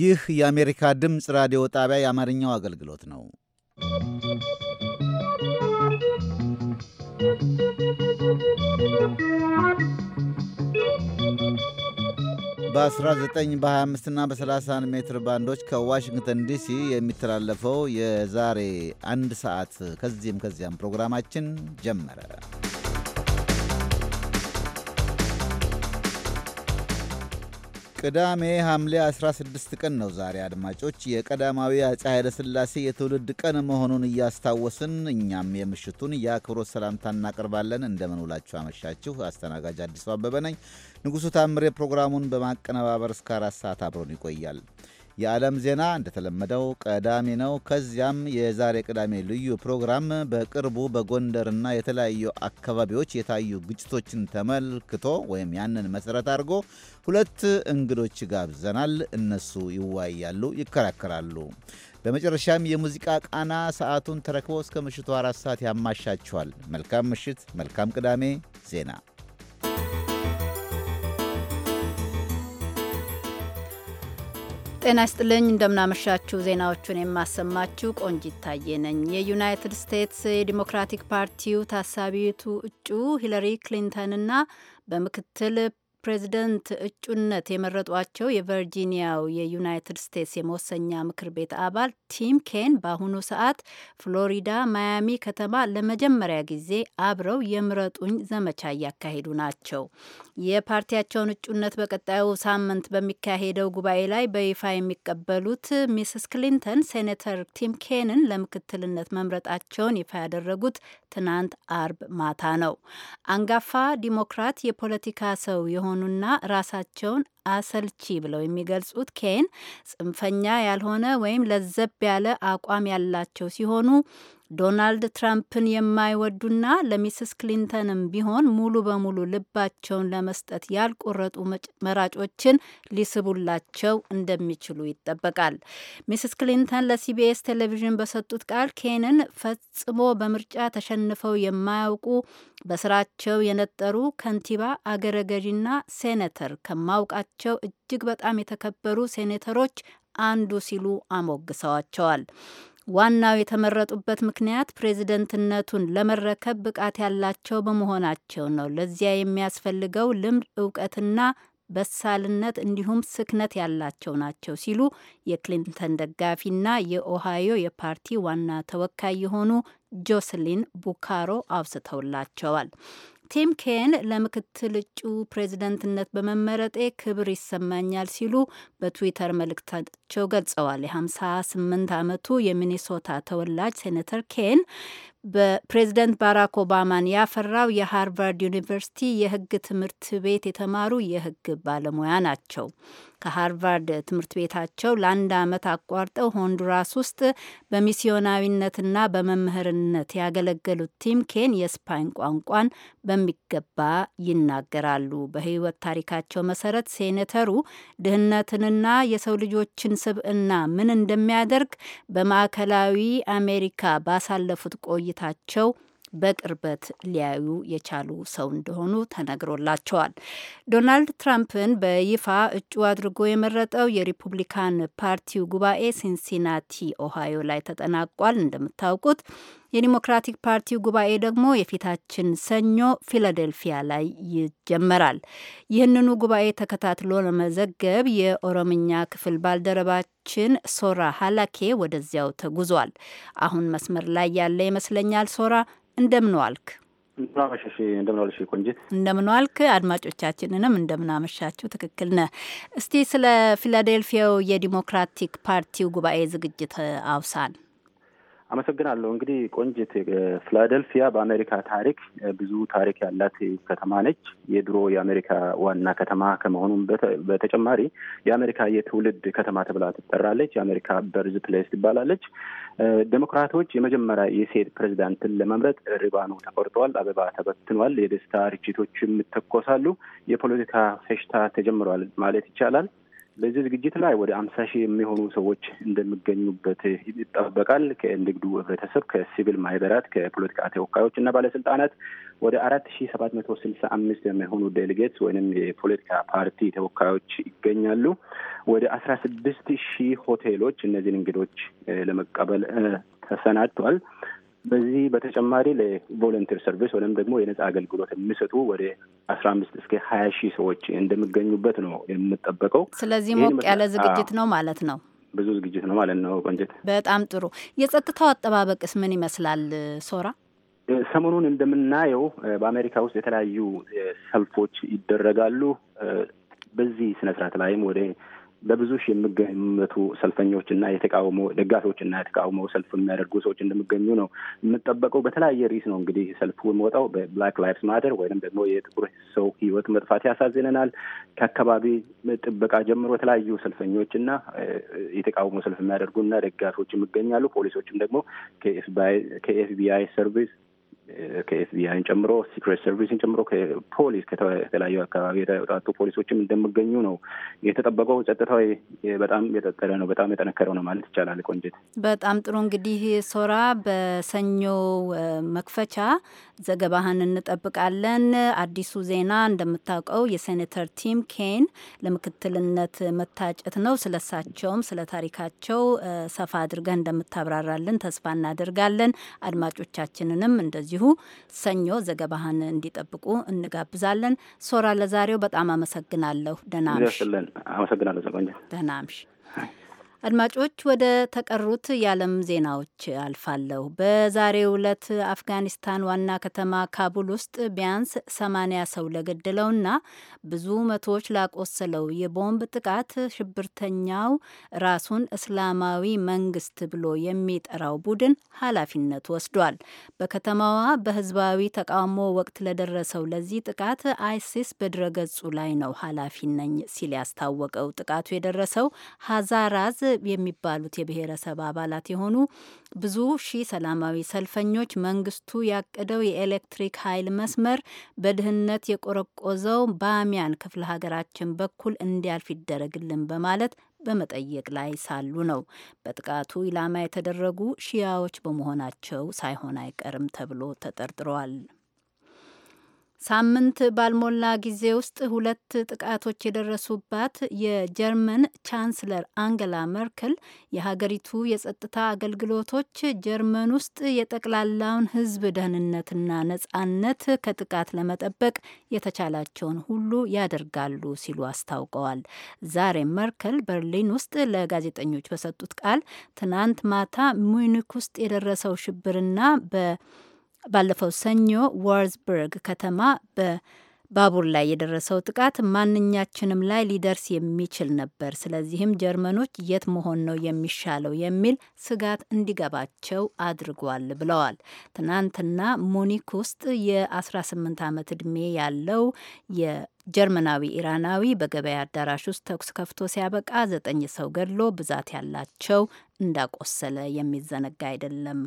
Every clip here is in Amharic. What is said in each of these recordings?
ይህ የአሜሪካ ድምፅ ራዲዮ ጣቢያ የአማርኛው አገልግሎት ነው። በ19 በ25 እና በ31 ሜትር ባንዶች ከዋሽንግተን ዲሲ የሚተላለፈው የዛሬ አንድ ሰዓት ከዚህም ከዚያም ፕሮግራማችን ጀመረ። ቅዳሜ ሐምሌ 16 ቀን ነው ዛሬ። አድማጮች የቀዳማዊ አፄ ኃይለሥላሴ የትውልድ ቀን መሆኑን እያስታወስን እኛም የምሽቱን የአክብሮት ሰላምታ እናቀርባለን። እንደምን ውላችሁ አመሻችሁ። አስተናጋጅ አዲሱ አበበ ነኝ። ንጉሡ ታምሬ ፕሮግራሙን በማቀነባበር እስከ አራት ሰዓት አብሮን ይቆያል። የዓለም ዜና እንደተለመደው ቀዳሚ ነው። ከዚያም የዛሬ ቅዳሜ ልዩ ፕሮግራም በቅርቡ በጎንደርና የተለያዩ አካባቢዎች የታዩ ግጭቶችን ተመልክቶ ወይም ያንን መሰረት አድርጎ ሁለት እንግዶች ጋብዘናል። እነሱ ይወያያሉ፣ ይከራከራሉ። በመጨረሻም የሙዚቃ ቃና ሰዓቱን ተረክቦ እስከ ምሽቱ አራት ሰዓት ያማሻችኋል። መልካም ምሽት፣ መልካም ቅዳሜ ዜና ጤና ይስጥልኝ እንደምናመሻችሁ። ዜናዎቹን የማሰማችሁ ቆንጂት ታዬ ነኝ። የዩናይትድ ስቴትስ የዲሞክራቲክ ፓርቲው ታሳቢቱ እጩ ሂለሪ ክሊንተንና በምክትል ፕሬዚደንት እጩነት የመረጧቸው የቨርጂኒያው የዩናይትድ ስቴትስ የመወሰኛ ምክር ቤት አባል ቲም ኬን በአሁኑ ሰዓት ፍሎሪዳ ማያሚ ከተማ ለመጀመሪያ ጊዜ አብረው የምረጡኝ ዘመቻ እያካሄዱ ናቸው። የፓርቲያቸውን እጩነት በቀጣዩ ሳምንት በሚካሄደው ጉባኤ ላይ በይፋ የሚቀበሉት ሚስስ ክሊንተን ሴኔተር ቲም ኬንን ለምክትልነት መምረጣቸውን ይፋ ያደረጉት ትናንት አርብ ማታ ነው። አንጋፋ ዲሞክራት የፖለቲካ ሰው የሆ መሆኑና ራሳቸውን አሰልቺ ብለው የሚገልጹት ኬን ጽንፈኛ ያልሆነ ወይም ለዘብ ያለ አቋም ያላቸው ሲሆኑ ዶናልድ ትራምፕን የማይወዱና ለሚስስ ክሊንተንም ቢሆን ሙሉ በሙሉ ልባቸውን ለመስጠት ያልቆረጡ መራጮችን ሊስቡላቸው እንደሚችሉ ይጠበቃል። ሚስስ ክሊንተን ለሲቢኤስ ቴሌቪዥን በሰጡት ቃል ኬንን ፈጽሞ በምርጫ ተሸንፈው የማያውቁ በስራቸው የነጠሩ ከንቲባ፣ አገረ ገዢና ሴኔተር ከማውቃቸው እጅግ በጣም የተከበሩ ሴኔተሮች አንዱ ሲሉ አሞግሰዋቸዋል። ዋናው የተመረጡበት ምክንያት ፕሬዝደንትነቱን ለመረከብ ብቃት ያላቸው በመሆናቸው ነው። ለዚያ የሚያስፈልገው ልምድ፣ እውቀትና በሳልነት እንዲሁም ስክነት ያላቸው ናቸው ሲሉ የክሊንተን ደጋፊና የኦሃዮ የፓርቲ ዋና ተወካይ የሆኑ ጆስሊን ቡካሮ አውስተውላቸዋል። ቲም ኬን ለምክትል እጩ ፕሬዝደንትነት በመመረጤ ክብር ይሰማኛል ሲሉ በትዊተር መልእክታቸው ገልጸዋል። የ58 ዓመቱ የሚኒሶታ ተወላጅ ሴኔተር ኬን በፕሬዝደንት ባራክ ኦባማን ያፈራው የሃርቫርድ ዩኒቨርሲቲ የሕግ ትምህርት ቤት የተማሩ የሕግ ባለሙያ ናቸው። ከሃርቫርድ ትምህርት ቤታቸው ለአንድ ዓመት አቋርጠው ሆንዱራስ ውስጥ በሚስዮናዊነትና በመምህርነት ያገለገሉት ቲም ኬን የስፓኝ ቋንቋን በሚገባ ይናገራሉ። በህይወት ታሪካቸው መሰረት ሴኔተሩ ድህነትንና የሰው ልጆችን ስብዕና ምን እንደሚያደርግ በማዕከላዊ አሜሪካ ባሳለፉት ቆይ ቆይታቸው በቅርበት ሊያዩ የቻሉ ሰው እንደሆኑ ተነግሮላቸዋል። ዶናልድ ትራምፕን በይፋ እጩ አድርጎ የመረጠው የሪፑብሊካን ፓርቲው ጉባኤ ሲንሲናቲ ኦሃዮ ላይ ተጠናቋል። እንደምታውቁት የዲሞክራቲክ ፓርቲው ጉባኤ ደግሞ የፊታችን ሰኞ ፊላዴልፊያ ላይ ይጀመራል። ይህንኑ ጉባኤ ተከታትሎ ለመዘገብ የኦሮምኛ ክፍል ባልደረባችን ሶራ ሀላኬ ወደዚያው ተጉዟል። አሁን መስመር ላይ ያለ ይመስለኛል። ሶራ እንደምን ዋልክ? እንደምናመሸሽ አድማጮቻችንንም እንደምናመሻችሁ። ትክክል ነ። እስቲ ስለ ፊላዴልፊያው የዲሞክራቲክ ፓርቲው ጉባኤ ዝግጅት አውሳን። አመሰግናለሁ። እንግዲህ ቆንጅት፣ ፊላደልፊያ በአሜሪካ ታሪክ ብዙ ታሪክ ያላት ከተማ ነች። የድሮ የአሜሪካ ዋና ከተማ ከመሆኑም በተጨማሪ የአሜሪካ የትውልድ ከተማ ተብላ ትጠራለች። የአሜሪካ በርዝ ፕሌስ ትባላለች። ዴሞክራቶች የመጀመሪያ የሴት ፕሬዚዳንትን ለመምረጥ ሪባኑ ተቆርጠዋል፣ አበባ ተበትኗል፣ የደስታ ርችቶችም ይተኮሳሉ፣ የፖለቲካ ፌሽታ ተጀምሯል ማለት ይቻላል። በዚህ ዝግጅት ላይ ወደ አምሳ ሺህ የሚሆኑ ሰዎች እንደሚገኙበት ይጠበቃል። ከንግዱ ህብረተሰብ፣ ከሲቪል ማህበራት፣ ከፖለቲካ ተወካዮች እና ባለስልጣናት ወደ አራት ሺ ሰባት መቶ ስልሳ አምስት የሚሆኑ ዴሊጌትስ ወይም የፖለቲካ ፓርቲ ተወካዮች ይገኛሉ። ወደ አስራ ስድስት ሺህ ሆቴሎች እነዚህን እንግዶች ለመቀበል ተሰናድቷል። በዚህ በተጨማሪ ለቮለንቲር ሰርቪስ ወይም ደግሞ የነጻ አገልግሎት የሚሰጡ ወደ አስራ አምስት እስከ ሀያ ሺህ ሰዎች እንደሚገኙበት ነው የምጠበቀው። ስለዚህ ሞቅ ያለ ዝግጅት ነው ማለት ነው። ብዙ ዝግጅት ነው ማለት ነው። ቆንጀት፣ በጣም ጥሩ። የጸጥታው አጠባበቅስ ምን ይመስላል ሶራ? ሰሞኑን እንደምናየው በአሜሪካ ውስጥ የተለያዩ ሰልፎች ይደረጋሉ። በዚህ ስነስርዓት ላይም ወደ በብዙ ሺህ የሚገመቱ ሰልፈኞችና የተቃውሞ ደጋፊዎችና የተቃውሞ ሰልፍ የሚያደርጉ ሰዎች እንደሚገኙ ነው የምጠበቀው። በተለያየ ርዕስ ነው እንግዲህ ሰልፉ የሚወጣው። በብላክ ላይፍስ ማተር ወይም ደግሞ የጥቁር ሰው ህይወት መጥፋት ያሳዝነናል፣ ከአካባቢ ጥበቃ ጀምሮ የተለያዩ ሰልፈኞች እና የተቃውሞ ሰልፍ እና ደጋፊዎች ይገኛሉ። ፖሊሶችም ደግሞ ከኤፍቢአይ ሰርቪስ ከኤፍቢአይን ጨምሮ ሲክሬት ሰርቪስን ጨምሮ ከፖሊስ ከተለያዩ አካባቢ የተውጣጡ ፖሊሶችም እንደሚገኙ ነው የተጠበቀው። ጸጥታዊ በጣም የጠጠረ ነው፣ በጣም የጠነከረው ነው ማለት ይቻላል። ቆንጅት፣ በጣም ጥሩ እንግዲህ ሶራ በሰኞ መክፈቻ ዘገባህን እንጠብቃለን። አዲሱ ዜና እንደምታውቀው የሴኔተር ቲም ኬን ለምክትልነት መታጨት ነው። ስለሳቸውም ስለ ታሪካቸው ሰፋ አድርገህ እንደምታብራራልን ተስፋ እናደርጋለን። አድማጮቻችንንም እንደዚሁ ሰኞ ዘገባህን እንዲጠብቁ እንጋብዛለን። ሶራ፣ ለዛሬው በጣም አመሰግናለሁ። ደናምሽ አመሰግናለሁ። ደናምሽ አድማጮች ወደ ተቀሩት የዓለም ዜናዎች አልፋለሁ። በዛሬው ዕለት አፍጋኒስታን ዋና ከተማ ካቡል ውስጥ ቢያንስ ሰማንያ ሰው ለገደለውና ብዙ መቶዎች ላቆሰለው የቦምብ ጥቃት ሽብርተኛው ራሱን እስላማዊ መንግስት ብሎ የሚጠራው ቡድን ኃላፊነት ወስዷል። በከተማዋ በህዝባዊ ተቃውሞ ወቅት ለደረሰው ለዚህ ጥቃት አይሲስ በድረገጹ ላይ ነው ኃላፊ ነኝ ሲል ያስታወቀው። ጥቃቱ የደረሰው ሀዛራዝ የሚባሉት የብሔረሰብ አባላት የሆኑ ብዙ ሺህ ሰላማዊ ሰልፈኞች መንግስቱ ያቀደው የኤሌክትሪክ ኃይል መስመር በድህነት የቆረቆዘው ባሚያን ክፍለ ሀገራችን በኩል እንዲያልፍ ይደረግልን በማለት በመጠየቅ ላይ ሳሉ ነው። በጥቃቱ ኢላማ የተደረጉ ሺያዎች በመሆናቸው ሳይሆን አይቀርም ተብሎ ተጠርጥረዋል። ሳምንት ባልሞላ ጊዜ ውስጥ ሁለት ጥቃቶች የደረሱባት የጀርመን ቻንስለር አንገላ መርከል የሀገሪቱ የጸጥታ አገልግሎቶች ጀርመን ውስጥ የጠቅላላውን ሕዝብ ደህንነትና ነጻነት ከጥቃት ለመጠበቅ የተቻላቸውን ሁሉ ያደርጋሉ ሲሉ አስታውቀዋል። ዛሬ መርከል በርሊን ውስጥ ለጋዜጠኞች በሰጡት ቃል ትናንት ማታ ሙኒክ ውስጥ የደረሰው ሽብርና በ ባለፈው ሰኞ ዋርዝበርግ ከተማ በባቡር ላይ የደረሰው ጥቃት ማንኛችንም ላይ ሊደርስ የሚችል ነበር። ስለዚህም ጀርመኖች የት መሆን ነው የሚሻለው የሚል ስጋት እንዲገባቸው አድርጓል ብለዋል። ትናንትና ሙኒክ ውስጥ የ18 ዓመት ዕድሜ ያለው ጀርመናዊ ኢራናዊ በገበያ አዳራሽ ውስጥ ተኩስ ከፍቶ ሲያበቃ ዘጠኝ ሰው ገድሎ ብዛት ያላቸው እንዳቆሰለ የሚዘነጋ አይደለም።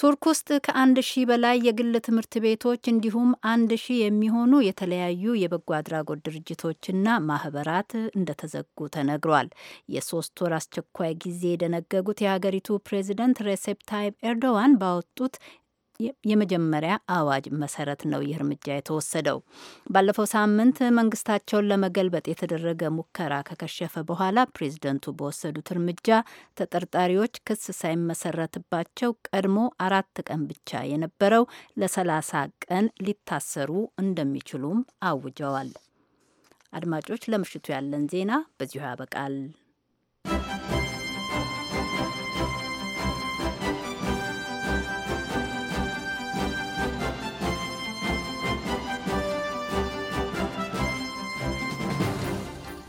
ቱርክ ውስጥ ከአንድ ሺህ በላይ የግል ትምህርት ቤቶች እንዲሁም አንድ ሺህ የሚሆኑ የተለያዩ የበጎ አድራጎት ድርጅቶችና ማህበራት እንደተዘጉ ተነግሯል። የሶስት ወር አስቸኳይ ጊዜ የደነገጉት የሀገሪቱ ፕሬዚደንት ሬሴፕ ታይብ ኤርዶዋን ባወጡት የመጀመሪያ አዋጅ መሰረት ነው ይህ እርምጃ የተወሰደው። ባለፈው ሳምንት መንግስታቸውን ለመገልበጥ የተደረገ ሙከራ ከከሸፈ በኋላ ፕሬዚደንቱ በወሰዱት እርምጃ ተጠርጣሪዎች ክስ ሳይመሰረትባቸው ቀድሞ አራት ቀን ብቻ የነበረው ለሰላሳ ቀን ሊታሰሩ እንደሚችሉም አውጀዋል። አድማጮች፣ ለምሽቱ ያለን ዜና በዚሁ ያበቃል።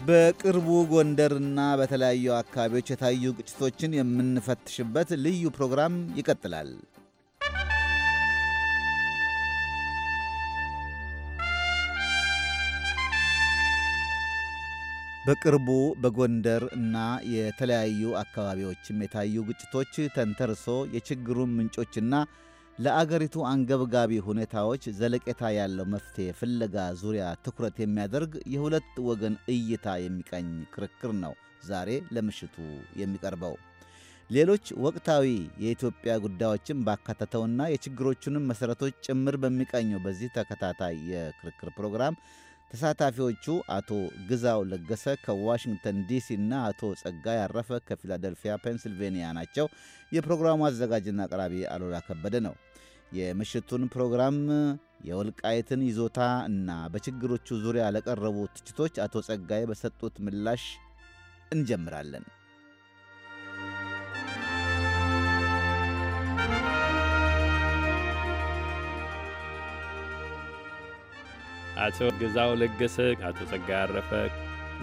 በቅርቡ ጎንደርና በተለያዩ አካባቢዎች የታዩ ግጭቶችን የምንፈትሽበት ልዩ ፕሮግራም ይቀጥላል። በቅርቡ በጎንደር እና የተለያዩ አካባቢዎችም የታዩ ግጭቶች ተንተርሶ የችግሩን ምንጮችና ለአገሪቱ አንገብጋቢ ሁኔታዎች ዘለቄታ ያለው መፍትሄ ፍለጋ ዙሪያ ትኩረት የሚያደርግ የሁለት ወገን እይታ የሚቀኝ ክርክር ነው ዛሬ ለምሽቱ የሚቀርበው። ሌሎች ወቅታዊ የኢትዮጵያ ጉዳዮችን ባካተተውና የችግሮቹንም መሠረቶች ጭምር በሚቀኘው በዚህ ተከታታይ የክርክር ፕሮግራም ተሳታፊዎቹ አቶ ግዛው ለገሰ ከዋሽንግተን ዲሲ እና አቶ ጸጋይ አረፈ ከፊላደልፊያ ፔንስልቬንያ ናቸው። የፕሮግራሙ አዘጋጅና አቅራቢ አሉላ ከበደ ነው። የምሽቱን ፕሮግራም የወልቃይትን ይዞታ እና በችግሮቹ ዙሪያ ለቀረቡ ትችቶች አቶ ጸጋይ በሰጡት ምላሽ እንጀምራለን። አቶ ገዛው ለገሰ፣ አቶ ጸጋ ያረፈ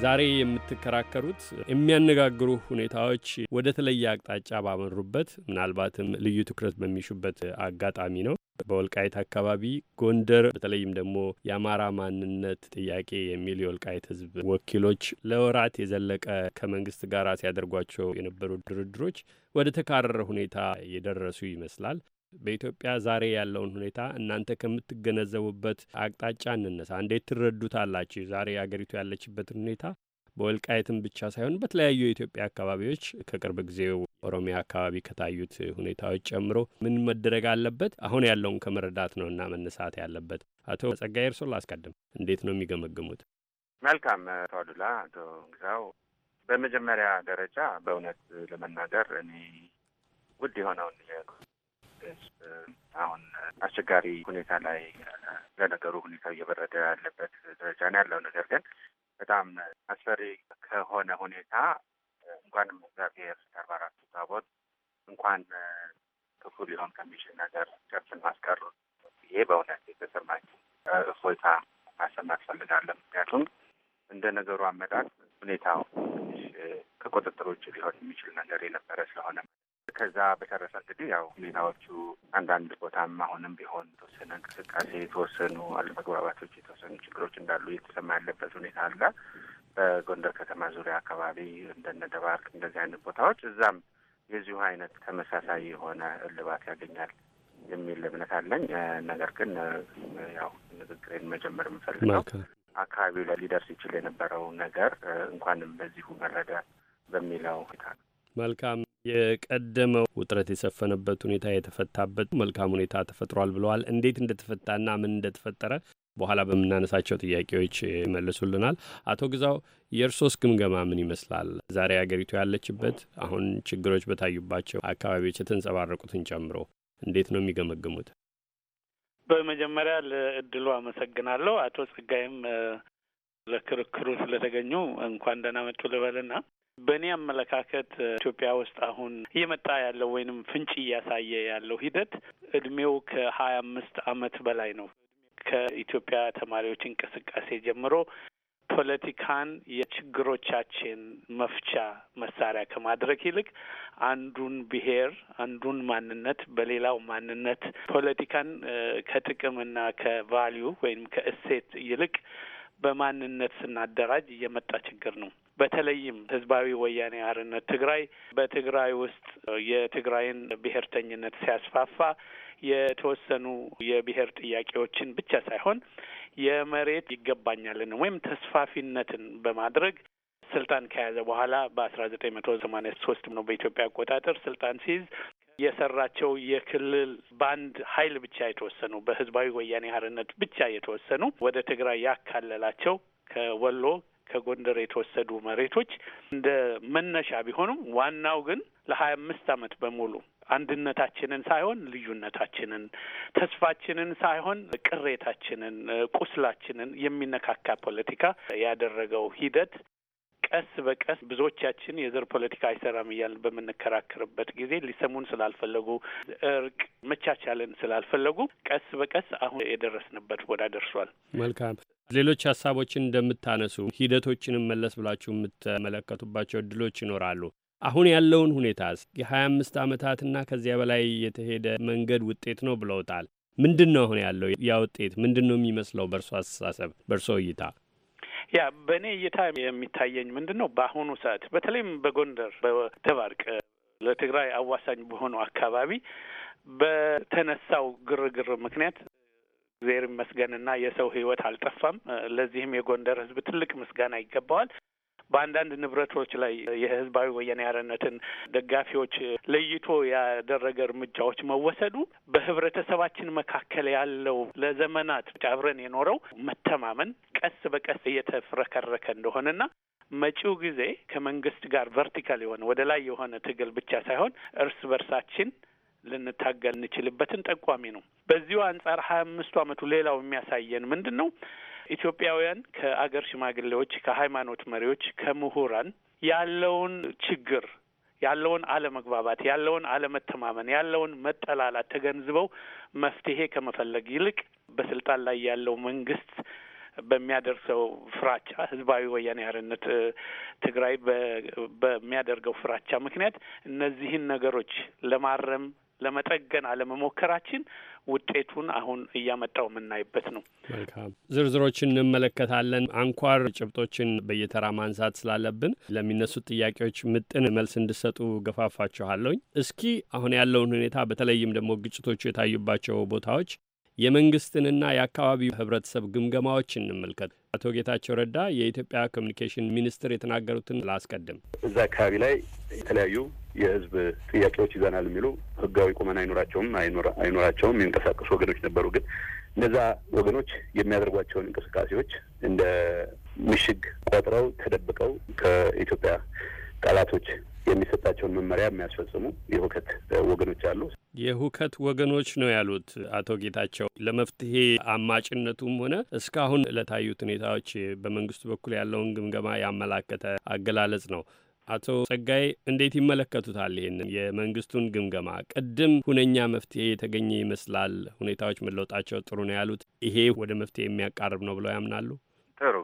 ዛሬ የምትከራከሩት የሚያነጋግሩ ሁኔታዎች ወደ ተለየ አቅጣጫ ባመሩበት ምናልባትም ልዩ ትኩረት በሚሹበት አጋጣሚ ነው። በወልቃይት አካባቢ ጎንደር፣ በተለይም ደግሞ የአማራ ማንነት ጥያቄ የሚል የወልቃይት ሕዝብ ወኪሎች ለወራት የዘለቀ ከመንግስት ጋር ሲያደርጓቸው የነበሩ ድርድሮች ወደ ተካረረ ሁኔታ የደረሱ ይመስላል። በኢትዮጵያ ዛሬ ያለውን ሁኔታ እናንተ ከምትገነዘቡበት አቅጣጫ እንነሳ። እንዴት ትረዱታላችሁ? ዛሬ አገሪቱ ያለችበትን ሁኔታ በወልቃየትም ብቻ ሳይሆን በተለያዩ የኢትዮጵያ አካባቢዎች ከቅርብ ጊዜው ኦሮሚያ አካባቢ ከታዩት ሁኔታዎች ጨምሮ ምን መደረግ አለበት? አሁን ያለውን ከመረዳት ነው እና መነሳት ያለበት። አቶ ጸጋዬ እርስዎን ላስቀድም። እንዴት ነው የሚገመግሙት? መልካም አቶ አዱላ፣ አቶ ግዛው፣ በመጀመሪያ ደረጃ በእውነት ለመናገር እኔ ውድ የሆነውን አሁን አስቸጋሪ ሁኔታ ላይ ለነገሩ ሁኔታው እየበረደ ያለበት ደረጃ ነው ያለው። ነገር ግን በጣም አስፈሪ ከሆነ ሁኔታ እንኳንም እግዚአብሔር አርባ አራቱ ታቦት እንኳን ክፉ ሊሆን ከሚችል ነገር ጨርሰን ማስቀሩ ይሄ በእውነት የተሰማኝ እፎይታ ማሰማት ፈልጋለሁ። ምክንያቱም እንደ ነገሩ አመጣት ሁኔታው ከቁጥጥር ውጭ ሊሆን የሚችል ነገር የነበረ ስለሆነ ከዛ በተረፈ እንግዲህ ያው ሁኔታዎቹ አንዳንድ ቦታም አሁንም ቢሆን የተወሰነ እንቅስቃሴ፣ የተወሰኑ አለመግባባቶች፣ የተወሰኑ ችግሮች እንዳሉ እየተሰማ ያለበት ሁኔታ አለ። በጎንደር ከተማ ዙሪያ አካባቢ እንደነ ደባርቅ እንደዚህ አይነት ቦታዎች እዛም የዚሁ አይነት ተመሳሳይ የሆነ እልባት ያገኛል የሚል እምነት አለኝ። ነገር ግን ያው ንግግሬን መጀመር የምፈልገው አካባቢው ላይ ሊደርስ ይችል የነበረው ነገር እንኳንም በዚሁ መረደ በሚለው ሁኔታ ነው። መልካም የቀደመው ውጥረት የሰፈነበት ሁኔታ የተፈታበት መልካም ሁኔታ ተፈጥሯል ብለዋል። እንዴት እንደተፈታና ምን እንደተፈጠረ በኋላ በምናነሳቸው ጥያቄዎች ይመልሱልናል። አቶ ግዛው የእርሶስ ግምገማ ምን ይመስላል? ዛሬ አገሪቱ ያለችበት አሁን ችግሮች በታዩባቸው አካባቢዎች የተንጸባረቁትን ጨምሮ እንዴት ነው የሚገመግሙት? በመጀመሪያ ለእድሉ አመሰግናለሁ። አቶ ጸጋይም ለክርክሩ ስለተገኙ እንኳን ደህና መጡ ልበልና በእኔ አመለካከት ኢትዮጵያ ውስጥ አሁን እየመጣ ያለው ወይንም ፍንጭ እያሳየ ያለው ሂደት እድሜው ከሀያ አምስት አመት በላይ ነው። ከኢትዮጵያ ተማሪዎች እንቅስቃሴ ጀምሮ ፖለቲካን የችግሮቻችን መፍቻ መሳሪያ ከማድረግ ይልቅ አንዱን ብሔር አንዱን ማንነት በሌላው ማንነት ፖለቲካን ከጥቅምና ከቫሊዩ ወይም ከእሴት ይልቅ በማንነት ስናደራጅ እየመጣ ችግር ነው። በተለይም ህዝባዊ ወያኔ አርነት ትግራይ በትግራይ ውስጥ የትግራይን ብሔርተኝነት ሲያስፋፋ የተወሰኑ የብሔር ጥያቄዎችን ብቻ ሳይሆን የመሬት ይገባኛልን ወይም ተስፋፊነትን በማድረግ ስልጣን ከያዘ በኋላ በአስራ ዘጠኝ መቶ ሰማኒያ ሶስትም ነው በኢትዮጵያ አቆጣጠር ስልጣን ሲይዝ የሰራቸው የክልል ባንድ ኃይል ብቻ የተወሰኑ በህዝባዊ ወያኔ ሀርነት ብቻ የተወሰኑ ወደ ትግራይ ያካለላቸው ከወሎ ከጎንደር የተወሰዱ መሬቶች እንደ መነሻ ቢሆኑም ዋናው ግን ለሀያ አምስት ዓመት በሙሉ አንድነታችንን ሳይሆን ልዩነታችንን፣ ተስፋችንን ሳይሆን ቅሬታችንን፣ ቁስላችንን የሚነካካ ፖለቲካ ያደረገው ሂደት ቀስ በቀስ ብዙዎቻችን የዘር ፖለቲካ አይሰራም እያልን በምንከራከርበት ጊዜ ሊሰሙን ስላልፈለጉ እርቅ መቻቻልን ስላልፈለጉ ቀስ በቀስ አሁን የደረስንበት ወዳ ደርሷል። መልካም ሌሎች ሀሳቦችን እንደምታነሱ ሂደቶችንም መለስ ብላችሁ የምትመለከቱባቸው እድሎች ይኖራሉ። አሁን ያለውን ሁኔታ የሀያ አምስት ዓመታትና ከዚያ በላይ የተሄደ መንገድ ውጤት ነው ብለውታል። ምንድን ነው አሁን ያለው ያ ውጤት ምንድን ነው የሚመስለው? በእርሶ አስተሳሰብ፣ በእርሶ እይታ? ያ በእኔ እይታ የሚታየኝ ምንድን ነው በአሁኑ ሰዓት በተለይም በጎንደር በደባርቅ ለትግራይ አዋሳኝ በሆነው አካባቢ በተነሳው ግርግር ምክንያት እግዜር ይመስገንና የሰው ህይወት አልጠፋም። ለዚህም የጎንደር ህዝብ ትልቅ ምስጋና ይገባዋል። በአንዳንድ ንብረቶች ላይ የህዝባዊ ወያኔ ሓርነትን ደጋፊዎች ለይቶ ያደረገ እርምጃዎች መወሰዱ በህብረተሰባችን መካከል ያለው ለዘመናት አብረን የኖረው መተማመን ቀስ በቀስ እየተፍረከረከ እንደሆነና መጪው ጊዜ ከመንግስት ጋር ቨርቲካል የሆነ ወደ ላይ የሆነ ትግል ብቻ ሳይሆን እርስ በርሳችን ልንታገል እንችልበትን ጠቋሚ ነው። በዚሁ አንጻር ሀያ አምስቱ ዓመቱ ሌላው የሚያሳየን ምንድን ነው? ኢትዮጵያውያን ከአገር ሽማግሌዎች፣ ከሃይማኖት መሪዎች፣ ከምሁራን ያለውን ችግር ያለውን አለመግባባት፣ ያለውን አለመተማመን፣ ያለውን መጠላላት ተገንዝበው መፍትሄ ከመፈለግ ይልቅ በስልጣን ላይ ያለው መንግስት በሚያደርሰው ፍራቻ ህዝባዊ ወያኔ ሓርነት ትግራይ በሚያደርገው ፍራቻ ምክንያት እነዚህን ነገሮች ለማረም ለመጠገን አለመሞከራችን ውጤቱን አሁን እያመጣው የምናይበት ነው። መልካም ዝርዝሮችን እንመለከታለን። አንኳር ጭብጦችን በየተራ ማንሳት ስላለብን ለሚነሱት ጥያቄዎች ምጥን መልስ እንድሰጡ ገፋፋችኋለሁኝ። እስኪ አሁን ያለውን ሁኔታ በተለይም ደግሞ ግጭቶቹ የታዩባቸው ቦታዎች የመንግስትንና የአካባቢው ህብረተሰብ ግምገማዎች እንመልከት። አቶ ጌታቸው ረዳ የኢትዮጵያ ኮሚኒኬሽን ሚኒስትር የተናገሩትን ላስቀድም። እዛ አካባቢ ላይ የተለያዩ የህዝብ ጥያቄዎች ይዘናል የሚሉ ህጋዊ ቁመን አይኖራቸውም አይኖራቸውም የሚንቀሳቀሱ ወገኖች ነበሩ። ግን እነዛ ወገኖች የሚያደርጓቸውን እንቅስቃሴዎች እንደ ምሽግ ቆጥረው ተደብቀው ከኢትዮጵያ ቃላቶች የሚሰጣቸውን መመሪያ የሚያስፈጽሙ የሁከት ወገኖች አሉ። የሁከት ወገኖች ነው ያሉት አቶ ጌታቸው። ለመፍትሄ አማጭነቱም ሆነ እስካሁን ለታዩት ሁኔታዎች በመንግስቱ በኩል ያለውን ግምገማ ያመላከተ አገላለጽ ነው። አቶ ጸጋይ እንዴት ይመለከቱታል? ይህንን የመንግስቱን ግምገማ ቅድም ሁነኛ መፍትሄ የተገኘ ይመስላል፣ ሁኔታዎች መለወጣቸው ጥሩ ነው ያሉት ይሄ ወደ መፍትሄ የሚያቃርብ ነው ብለው ያምናሉ? ጥሩ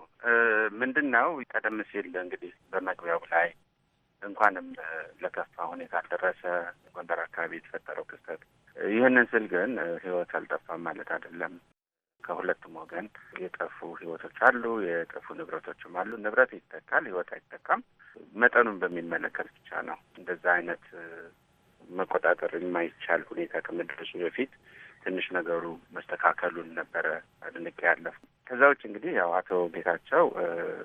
ምንድን ነው ቀደም ሲል እንግዲህ በመግቢያው ላይ እንኳንም ለከፋ ሁኔታ አልደረሰ ጎንደር አካባቢ የተፈጠረው ክስተት። ይህንን ስል ግን ህይወት አልጠፋም ማለት አይደለም። ከሁለቱም ወገን የጠፉ ህይወቶች አሉ፣ የጠፉ ንብረቶችም አሉ። ንብረት ይተካል፣ ህይወት አይተካም። መጠኑን በሚመለከት ብቻ ነው። እንደዛ አይነት መቆጣጠር የማይቻል ሁኔታ ከመድረሱ በፊት ትንሽ ነገሩ መስተካከሉን ነበረ አድንቄ ያለፉ። ከዛ ውጭ እንግዲህ ያው አቶ ጌታቸው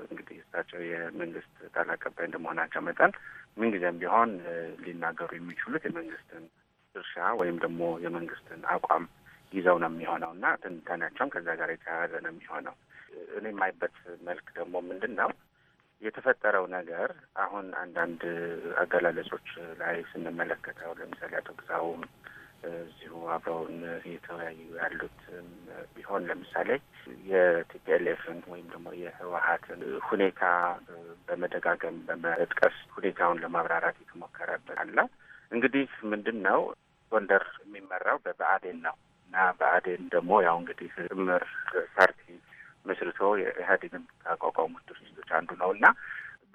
እንግዲህ እሳቸው የመንግስት ቃል አቀባይ እንደመሆናቸው መጠን ምንጊዜም ቢሆን ሊናገሩ የሚችሉት የመንግስትን ድርሻ ወይም ደግሞ የመንግስትን አቋም ይዘው ነው የሚሆነው እና ትንታኔያቸውም ከዛ ጋር የተያያዘ ነው የሚሆነው። እኔ የማይበት መልክ ደግሞ ምንድን ነው የተፈጠረው ነገር አሁን አንዳንድ አገላለጾች ላይ ስንመለከተው ለምሳሌ አቶ ግዛውም እዚሁ አብረውን የተወያዩ ያሉት ቢሆን ለምሳሌ የቲፒኤልኤፍን ወይም ደግሞ የህወሀትን ሁኔታ በመደጋገም በመጥቀስ ሁኔታውን ለማብራራት የተሞከረበት አለ። እንግዲህ ምንድን ነው ጎንደር የሚመራው በብአዴን ነው እና ብአዴን ደግሞ ያው እንግዲህ ጥምር ፓርቲ መስርቶ የኢህአዴግን ካቋቋሙት ድርጅቶች አንዱ ነው እና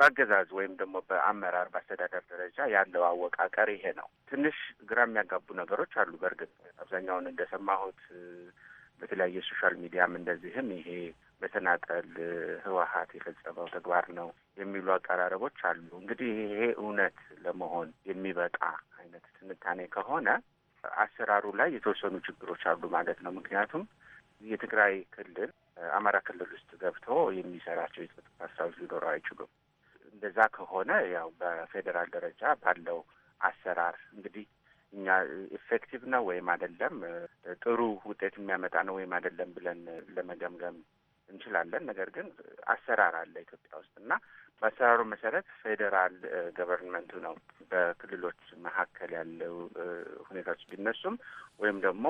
በአገዛዝ ወይም ደግሞ በአመራር በአስተዳደር ደረጃ ያለው አወቃቀር ይሄ ነው። ትንሽ ግራ የሚያጋቡ ነገሮች አሉ። በእርግጥ አብዛኛውን እንደሰማሁት በተለያየ ሶሻል ሚዲያም እንደዚህም ይሄ በተናጠል ህወሀት የፈጸመው ተግባር ነው የሚሉ አቀራረቦች አሉ። እንግዲህ ይሄ እውነት ለመሆን የሚበቃ አይነት ትንታኔ ከሆነ አሰራሩ ላይ የተወሰኑ ችግሮች አሉ ማለት ነው። ምክንያቱም የትግራይ ክልል አማራ ክልል ውስጥ ገብቶ የሚሰራቸው የጸጥታ ስራዎች ሊኖሩ አይችሉም። እንደዛ ከሆነ ያው በፌዴራል ደረጃ ባለው አሰራር እንግዲህ እኛ ኢፌክቲቭ ነው ወይም አይደለም፣ ጥሩ ውጤት የሚያመጣ ነው ወይም አይደለም ብለን ለመገምገም እንችላለን። ነገር ግን አሰራር አለ ኢትዮጵያ ውስጥ እና በአሰራሩ መሰረት ፌዴራል ገቨርንመንቱ ነው በክልሎች መካከል ያለው ሁኔታዎች ቢነሱም ወይም ደግሞ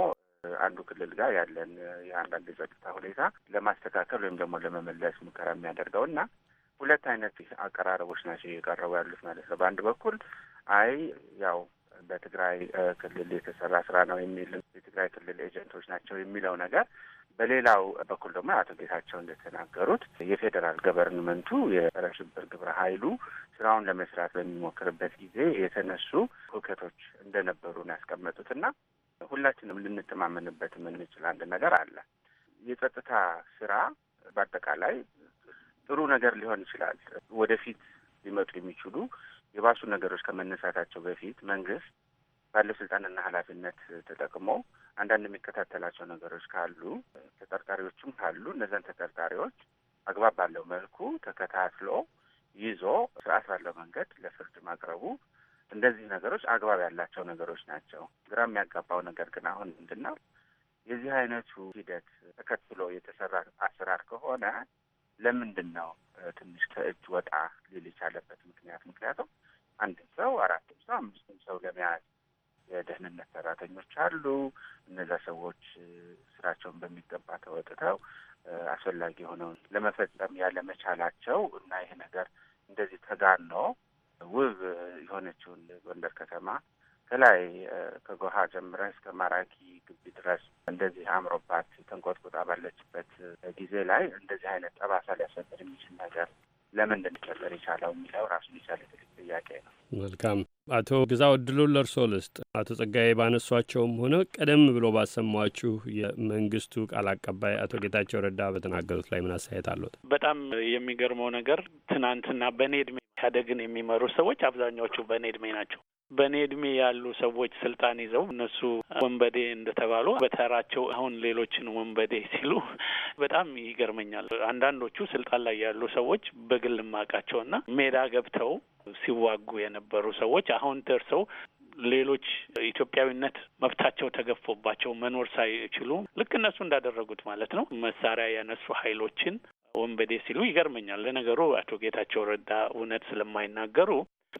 አንዱ ክልል ጋር ያለን የአንዳንድ የጸጥታ ሁኔታ ለማስተካከል ወይም ደግሞ ለመመለስ ሙከራ የሚያደርገው እና ሁለት አይነት አቀራረቦች ናቸው እየቀረቡ ያሉት ማለት ነው። በአንድ በኩል አይ ያው በትግራይ ክልል የተሰራ ስራ ነው የሚል የትግራይ ክልል ኤጀንቶች ናቸው የሚለው ነገር፣ በሌላው በኩል ደግሞ አቶ ጌታቸው እንደተናገሩት የፌዴራል ገቨርንመንቱ የጸረ ሽብር ግብረ ኃይሉ ስራውን ለመስራት በሚሞክርበት ጊዜ የተነሱ ሁከቶች እንደነበሩ ነው ያስቀመጡት እና ሁላችንም ልንተማመንበት የምንችል አንድ ነገር አለ። የጸጥታ ስራ በአጠቃላይ ጥሩ ነገር ሊሆን ይችላል። ወደፊት ሊመጡ የሚችሉ የባሱ ነገሮች ከመነሳታቸው በፊት መንግስት ባለው ስልጣንና ኃላፊነት ተጠቅሞ አንዳንድ የሚከታተላቸው ነገሮች ካሉ ተጠርጣሪዎችም ካሉ እነዚያን ተጠርጣሪዎች አግባብ ባለው መልኩ ተከታትሎ ይዞ ስርዓት ባለው መንገድ ለፍርድ ማቅረቡ እንደዚህ ነገሮች አግባብ ያላቸው ነገሮች ናቸው። ግራ የሚያጋባው ነገር ግን አሁን ምንድን ነው የዚህ አይነቱ ሂደት ተከትሎ የተሰራ አሰራር ከሆነ ለምንድን ነው ትንሽ ከእጅ ወጣ ሊል የቻለበት ምክንያት? ምክንያቱም አንድም ሰው አራትም ሰው አምስትም ሰው ለመያዝ የደህንነት ሰራተኞች አሉ። እነዛ ሰዎች ስራቸውን በሚገባ ተወጥተው አስፈላጊ የሆነውን ለመፈጸም ያለመቻላቸው እና ይሄ ነገር እንደዚህ ተጋኖ ውብ የሆነችውን ጎንደር ከተማ ከላይ ከጎሃ ጀምረ እስከ ማራኪ ግቢ ድረስ እንደዚህ አምሮባት ተንቆጥቁጣ ባለችበት ጊዜ ላይ እንደዚህ አይነት ጠባሳ ሊያስፈጥር የሚችል ነገር ለምን ሊፈጠር የቻለው የሚለው ራሱ የቻለ ትልቅ ጥያቄ ነው። መልካም አቶ ግዛው እድሉን ለእርሶ ልስጥ። አቶ ጸጋዬ ባነሷቸውም ሆነ ቀደም ብሎ ባሰማችሁ የመንግስቱ ቃል አቀባይ አቶ ጌታቸው ረዳ በተናገሩት ላይ ምን አስተያየት አሉት? በጣም የሚገርመው ነገር ትናንትና በእኔ እድሜ ኢህአዴግን የሚመሩ ሰዎች አብዛኛዎቹ በእኔ እድሜ ናቸው። በእኔ እድሜ ያሉ ሰዎች ስልጣን ይዘው እነሱ ወንበዴ እንደተባሉ በተራቸው አሁን ሌሎችን ወንበዴ ሲሉ በጣም ይገርመኛል። አንዳንዶቹ ስልጣን ላይ ያሉ ሰዎች በግል ማቃቸውና ሜዳ ገብተው ሲዋጉ የነበሩ ሰዎች አሁን ደርሰው ሌሎች ኢትዮጵያዊነት መብታቸው ተገፎባቸው መኖር ሳይችሉ ልክ እነሱ እንዳደረጉት ማለት ነው መሳሪያ ያነሱ ኃይሎችን ወንበዴ ሲሉ ይገርመኛል። ለነገሩ አቶ ጌታቸው ረዳ እውነት ስለማይናገሩ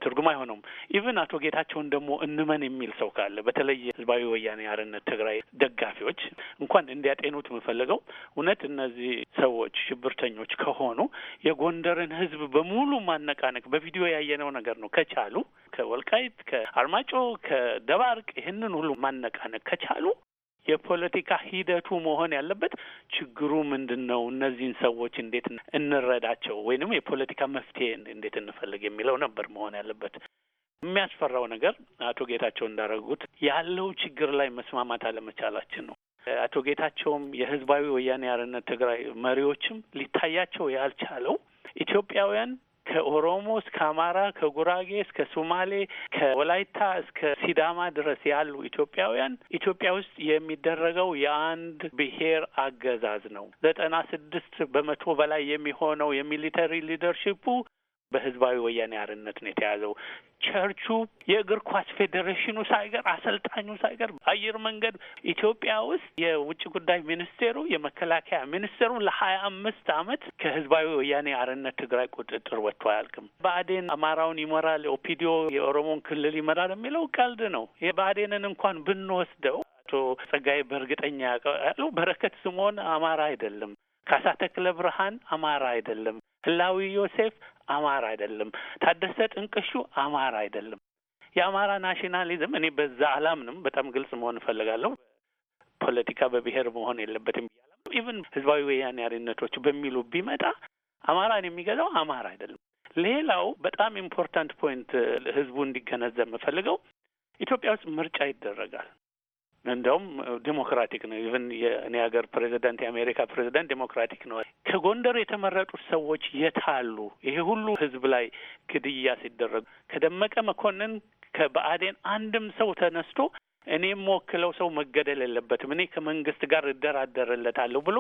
ትርጉም አይሆነውም። ኢቭን አቶ ጌታቸውን ደግሞ እንመን የሚል ሰው ካለ በተለይ ህዝባዊ ወያኔ አርነት ትግራይ ደጋፊዎች እንኳን እንዲያጤኑት የምፈልገው እውነት እነዚህ ሰዎች ሽብርተኞች ከሆኑ የጎንደርን ህዝብ በሙሉ ማነቃነቅ በቪዲዮ ያየነው ነገር ነው። ከቻሉ ከወልቃይት፣ ከአርማጮ፣ ከደባርቅ ይህንን ሁሉ ማነቃነቅ ከቻሉ የፖለቲካ ሂደቱ መሆን ያለበት ችግሩ ምንድን ነው፣ እነዚህን ሰዎች እንዴት እንረዳቸው ወይንም የፖለቲካ መፍትሄ እንዴት እንፈልግ የሚለው ነበር መሆን ያለበት። የሚያስፈራው ነገር አቶ ጌታቸው እንዳረጉት ያለው ችግር ላይ መስማማት አለመቻላችን ነው። አቶ ጌታቸውም የህዝባዊ ወያኔ አርነት ትግራይ መሪዎችም ሊታያቸው ያልቻለው ኢትዮጵያውያን ከኦሮሞ እስከ አማራ፣ ከጉራጌ እስከ ሶማሌ፣ ከወላይታ እስከ ሲዳማ ድረስ ያሉ ኢትዮጵያውያን ኢትዮጵያ ውስጥ የሚደረገው የአንድ ብሔር አገዛዝ ነው። ዘጠና ስድስት በመቶ በላይ የሚሆነው የሚሊተሪ ሊደርሺፑ በህዝባዊ ወያኔ አርነት ነው የተያዘው። ቸርቹ የእግር ኳስ ፌዴሬሽኑ ሳይቀር አሰልጣኙ ሳይቀር አየር መንገድ ኢትዮጵያ ውስጥ የውጭ ጉዳይ ሚኒስቴሩ የመከላከያ ሚኒስቴሩ ለሀያ አምስት አመት ከህዝባዊ ወያኔ አርነት ትግራይ ቁጥጥር ወጥቶ አያልቅም። ብአዴን አማራውን ይመራል፣ ኦፒዲዮ የኦሮሞን ክልል ይመራል የሚለው ቀልድ ነው። የብአዴንን እንኳን ብንወስደው አቶ ጸጋዬ በእርግጠኛ ያውቃሉ። በረከት ስምኦን አማራ አይደለም። ካሳ ተክለ ብርሃን አማራ አይደለም። ህላዊ ዮሴፍ አማራ አይደለም፣ ታደሰ ጥንቅሹ አማራ አይደለም። የአማራ ናሽናሊዝም እኔ በዛ አላምንም። በጣም ግልጽ መሆን እፈልጋለሁ። ፖለቲካ በብሔር መሆን የለበትም ብያለሁ። ኢቭን ህዝባዊ ወያኔ ሓርነቶች በሚሉ ቢመጣ አማራን የሚገዛው አማራ አይደለም። ሌላው በጣም ኢምፖርታንት ፖይንት ህዝቡ እንዲገነዘብ የምፈልገው ኢትዮጵያ ውስጥ ምርጫ ይደረጋል። እንደውም ዲሞክራቲክ ነው። ኢቨን የእኔ ሀገር ፕሬዚደንት የአሜሪካ ፕሬዚደንት ዲሞክራቲክ ነው። ከጎንደር የተመረጡት ሰዎች የታሉ? ይሄ ሁሉ ህዝብ ላይ ግድያ ሲደረጉ ከደመቀ መኮንን ከብአዴን አንድም ሰው ተነስቶ እኔ የምወክለው ሰው መገደል የለበትም እኔ ከመንግስት ጋር እደራደርለታለሁ ብሎ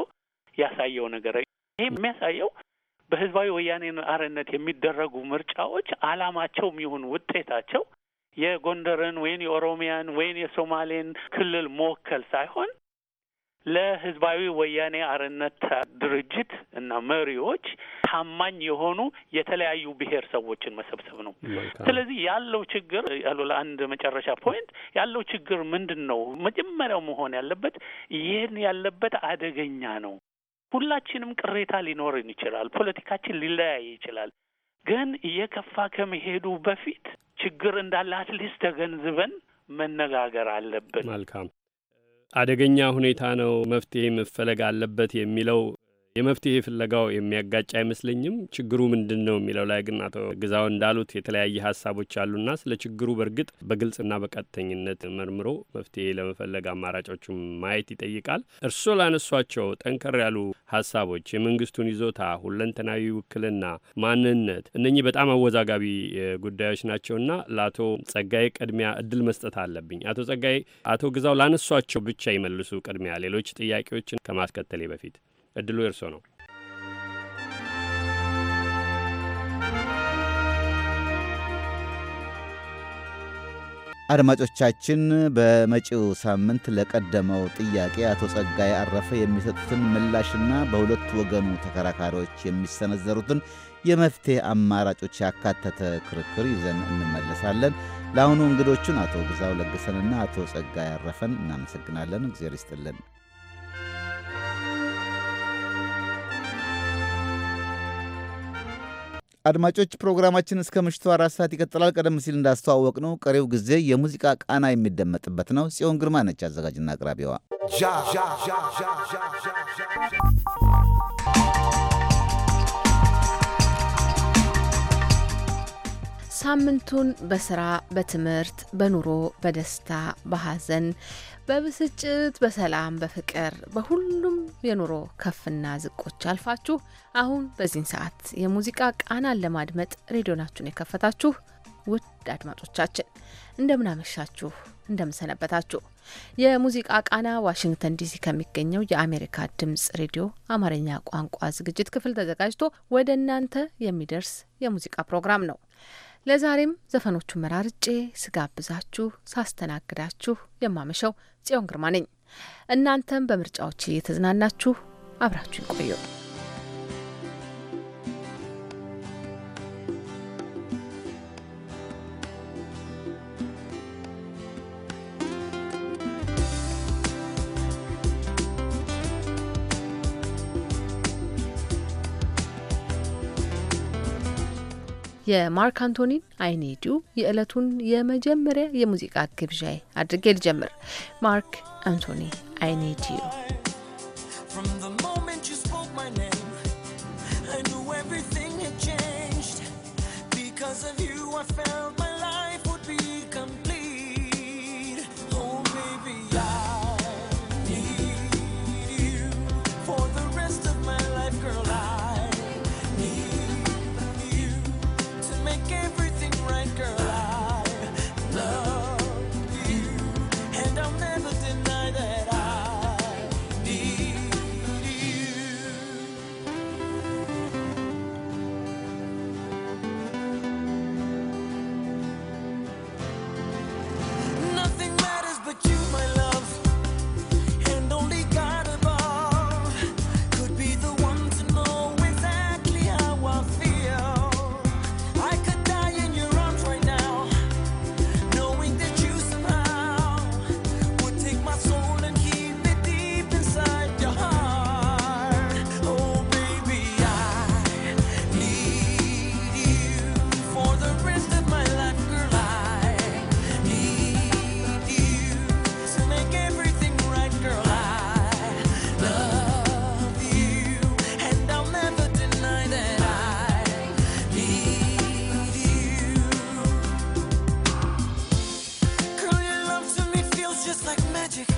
ያሳየው ነገር ይሄ የሚያሳየው በህዝባዊ ወያኔ አርነት የሚደረጉ ምርጫዎች አላማቸውም ይሁን ውጤታቸው የጎንደርን ወይም የኦሮሚያን ወይም የሶማሌን ክልል መወከል ሳይሆን ለህዝባዊ ወያኔ አርነት ድርጅት እና መሪዎች ታማኝ የሆኑ የተለያዩ ብሔር ሰዎችን መሰብሰብ ነው። ስለዚህ ያለው ችግር ያሉ ለአንድ መጨረሻ ፖይንት ያለው ችግር ምንድን ነው? መጀመሪያው መሆን ያለበት ይህን ያለበት አደገኛ ነው። ሁላችንም ቅሬታ ሊኖርን ይችላል። ፖለቲካችን ሊለያይ ይችላል። ግን እየከፋ ከመሄዱ በፊት ችግር እንዳለ አትሊስት ተገንዝበን መነጋገር አለብን። መልካም አደገኛ ሁኔታ ነው፣ መፍትሄ መፈለግ አለበት የሚለው የመፍትሄ ፍለጋው የሚያጋጭ አይመስለኝም። ችግሩ ምንድን ነው የሚለው ላይ ግን አቶ ግዛው እንዳሉት የተለያየ ሀሳቦች አሉና ስለ ችግሩ በእርግጥ በግልጽና በቀጥተኝነት መርምሮ መፍትሄ ለመፈለግ አማራጮቹም ማየት ይጠይቃል። እርስዎ ላነሷቸው ጠንከር ያሉ ሀሳቦች የመንግስቱን ይዞታ፣ ሁለንተናዊ ውክልና፣ ማንነት እነኚህ በጣም አወዛጋቢ ጉዳዮች ናቸውና ለአቶ ጸጋዬ ቅድሚያ እድል መስጠት አለብኝ። አቶ ጸጋዬ አቶ ግዛው ላነሷቸው ብቻ ይመልሱ ቅድሚያ ሌሎች ጥያቄዎችን ከማስከተሌ በፊት እድሉ የእርሶ ነው። አድማጮቻችን በመጪው ሳምንት ለቀደመው ጥያቄ አቶ ጸጋዬ አረፈ የሚሰጡትን ምላሽና በሁለቱ ወገኑ ተከራካሪዎች የሚሰነዘሩትን የመፍትሄ አማራጮች ያካተተ ክርክር ይዘን እንመለሳለን። ለአሁኑ እንግዶቹን አቶ ግዛው ለግሰንና አቶ ጸጋዬ አረፈን እናመሰግናለን። እግዜር ይስጥልን። አድማጮች ፕሮግራማችን እስከ ምሽቱ አራት ሰዓት ይቀጥላል። ቀደም ሲል እንዳስተዋወቅ ነው ቀሪው ጊዜ የሙዚቃ ቃና የሚደመጥበት ነው። ጽዮን ግርማ ነች አዘጋጅና አቅራቢዋ። ሳምንቱን በስራ፣ በትምህርት፣ በኑሮ፣ በደስታ፣ በሐዘን በብስጭት በሰላም በፍቅር በሁሉም የኑሮ ከፍና ዝቆች አልፋችሁ አሁን በዚህን ሰዓት የሙዚቃ ቃናን ለማድመጥ ሬዲዮናችሁን የከፈታችሁ ውድ አድማጮቻችን እንደምናመሻችሁ፣ እንደምንሰነበታችሁ። የሙዚቃ ቃና ዋሽንግተን ዲሲ ከሚገኘው የአሜሪካ ድምጽ ሬዲዮ አማርኛ ቋንቋ ዝግጅት ክፍል ተዘጋጅቶ ወደ እናንተ የሚደርስ የሙዚቃ ፕሮግራም ነው። ለዛሬም ዘፈኖቹ መራርጬ ስጋብዛችሁ ሳስተናግዳችሁ የማመሸው ጽዮን ግርማ ነኝ። እናንተም በምርጫዎች እየተዝናናችሁ አብራችሁ ይቆዩ። የማርክ አንቶኒን አይኔዲዩ የዕለቱን የመጀመሪያ የሙዚቃ ግብዣይ አድርጌ ልጀምር። ማርክ አንቶኒ አይኔዲዩ just like magic.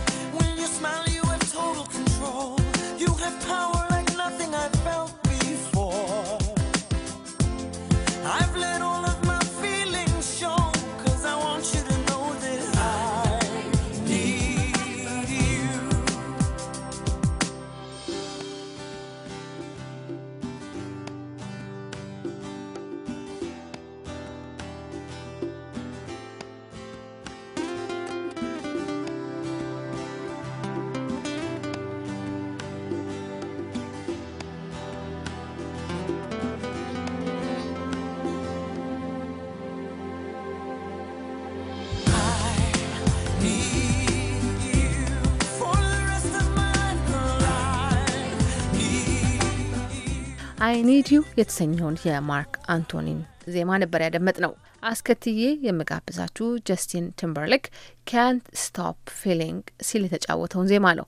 አይኒዲዩ የተሰኘውን የማርክ አንቶኒን ዜማ ነበር ያደመጥ ነው። አስከትዬ የምጋብዛችሁ ጀስቲን ቲምበርሊክ ካንት ስቶፕ ፊሊንግ ሲል የተጫወተውን ዜማ ነው።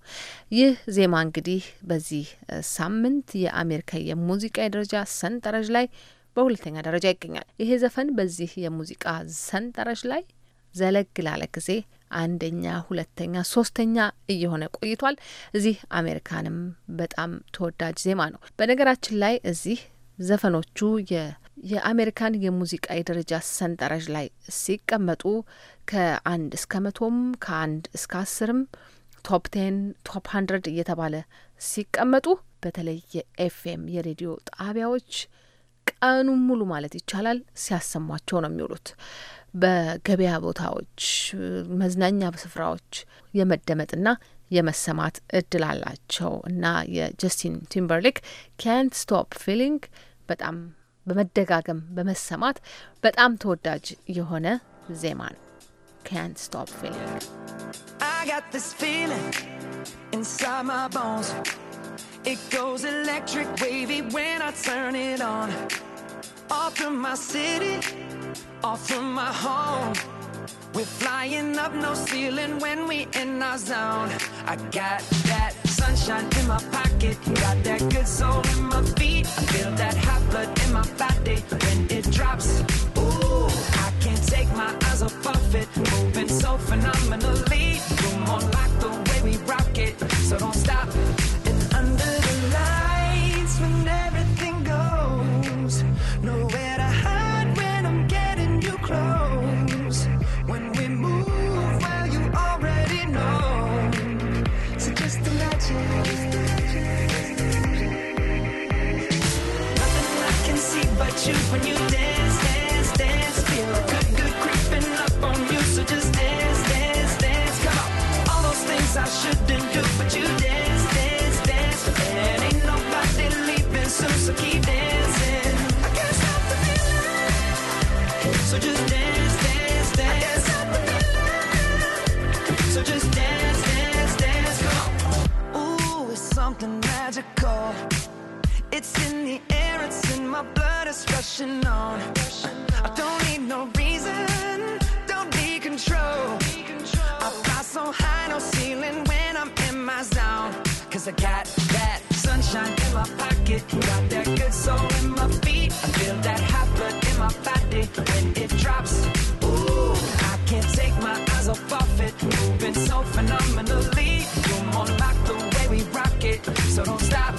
ይህ ዜማ እንግዲህ በዚህ ሳምንት የአሜሪካ የሙዚቃ የደረጃ ሰንጠረዥ ላይ በሁለተኛ ደረጃ ይገኛል። ይሄ ዘፈን በዚህ የሙዚቃ ሰንጠረዥ ላይ ዘለግ ላለ ጊዜ አንደኛ፣ ሁለተኛ፣ ሶስተኛ እየሆነ ቆይቷል። እዚህ አሜሪካንም በጣም ተወዳጅ ዜማ ነው። በነገራችን ላይ እዚህ ዘፈኖቹ የአሜሪካን የሙዚቃ የደረጃ ሰንጠረዥ ላይ ሲቀመጡ ከአንድ እስከ መቶም ከአንድ እስከ አስርም ቶፕ ቴን ቶፕ ሀንድረድ እየተባለ ሲቀመጡ በተለይ የኤፍኤም የሬዲዮ ጣቢያዎች ቀኑን ሙሉ ማለት ይቻላል ሲያሰሟቸው ነው የሚውሉት። በገበያ ቦታዎች፣ መዝናኛ ስፍራዎች የመደመጥና የመሰማት እድል አላቸው እና የጀስቲን ቲምበርሊክ ካንት ስቶፕ ፊሊንግ በጣም በመደጋገም በመሰማት በጣም ተወዳጅ የሆነ ዜማ ነው። ካንት ስቶፕ ፊሊንግ I got this feeling inside my bones. It goes electric wavy when I turn it on. Off from my city. off from my home. We're flying up no ceiling when we in our zone. I got that sunshine in my pocket, got that good soul in my feet. I feel that hot blood in my body when it drops. Ooh, I can't take my eyes off of it, moving so phenomenally. Come on, like So just dance, dance, dance. So just dance, dance, dance. Ooh, it's something magical. It's in the air, it's in my blood, it's rushing on. I don't need no reason, don't be control. I fly so high, no ceiling when I'm in my zone. Cause I got that sunshine in my pocket, got that good soul in my feet. I feel that hot my body when it drops. Ooh, I can't take my eyes off of it. Moving so phenomenally. You won't the way we rock it. So don't stop.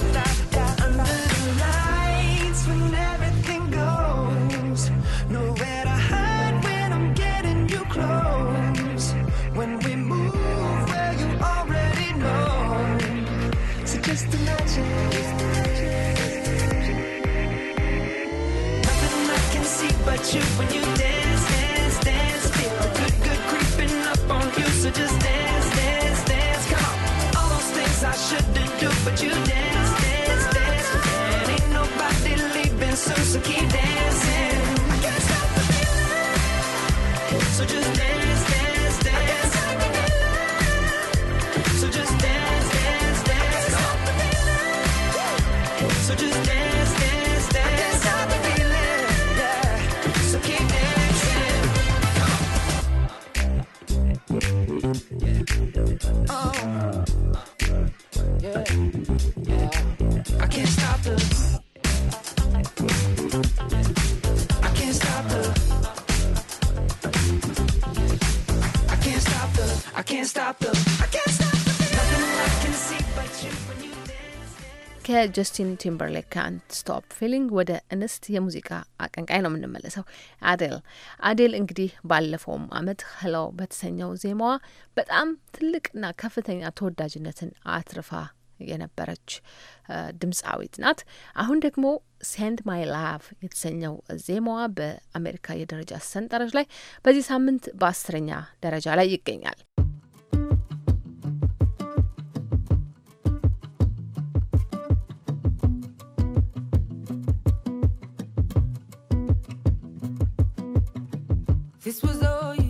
የጀስቲን ቲምበርሌክ ካንት ስቶፕ ፊሊንግ ወደ እንስት የሙዚቃ አቀንቃይ ነው የምንመለሰው። አዴል አዴል እንግዲህ ባለፈውም አመት ሄሎ በተሰኘው ዜማዋ በጣም ትልቅና ከፍተኛ ተወዳጅነትን አትርፋ የነበረች ድምፃዊት ናት። አሁን ደግሞ ሴንድ ማይ ላቭ የተሰኘው ዜማዋ በአሜሪካ የደረጃ ሰንጠረዥ ላይ በዚህ ሳምንት በአስረኛ ደረጃ ላይ ይገኛል። This was all. you.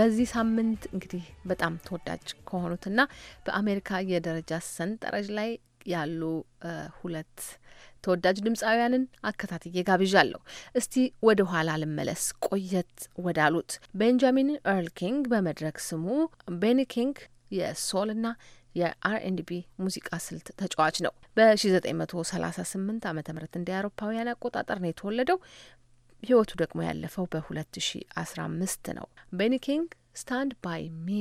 በዚህ ሳምንት እንግዲህ በጣም ተወዳጅ ከሆኑትና በአሜሪካ የደረጃ ሰንጠረዥ ላይ ያሉ ሁለት ተወዳጅ ድምፃውያንን አከታትዬ ጋብዣለሁ። እስቲ ወደ ኋላ ልመለስ፣ ቆየት ወዳሉት ቤንጃሚን ኤርል ኪንግ በመድረክ ስሙ ቤኒ ኪንግ የሶል ና የአርኤንዲቢ ሙዚቃ ስልት ተጫዋች ነው። በ1938 ዓ ም እንደ አውሮፓውያን አቆጣጠር ነው የተወለደው። ህይወቱ ደግሞ ያለፈው በ2015 ነው። ቤኒ ኪንግ ስታንድ ባይ ሚ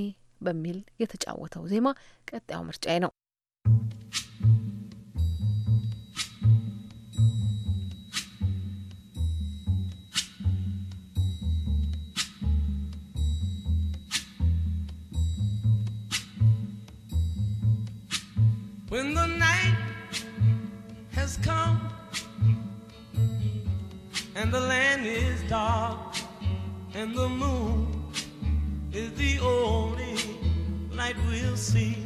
በሚል የተጫወተው ዜማ ቀጣዩ ምርጫዬ ነው። dark and the moon is the only light we'll see.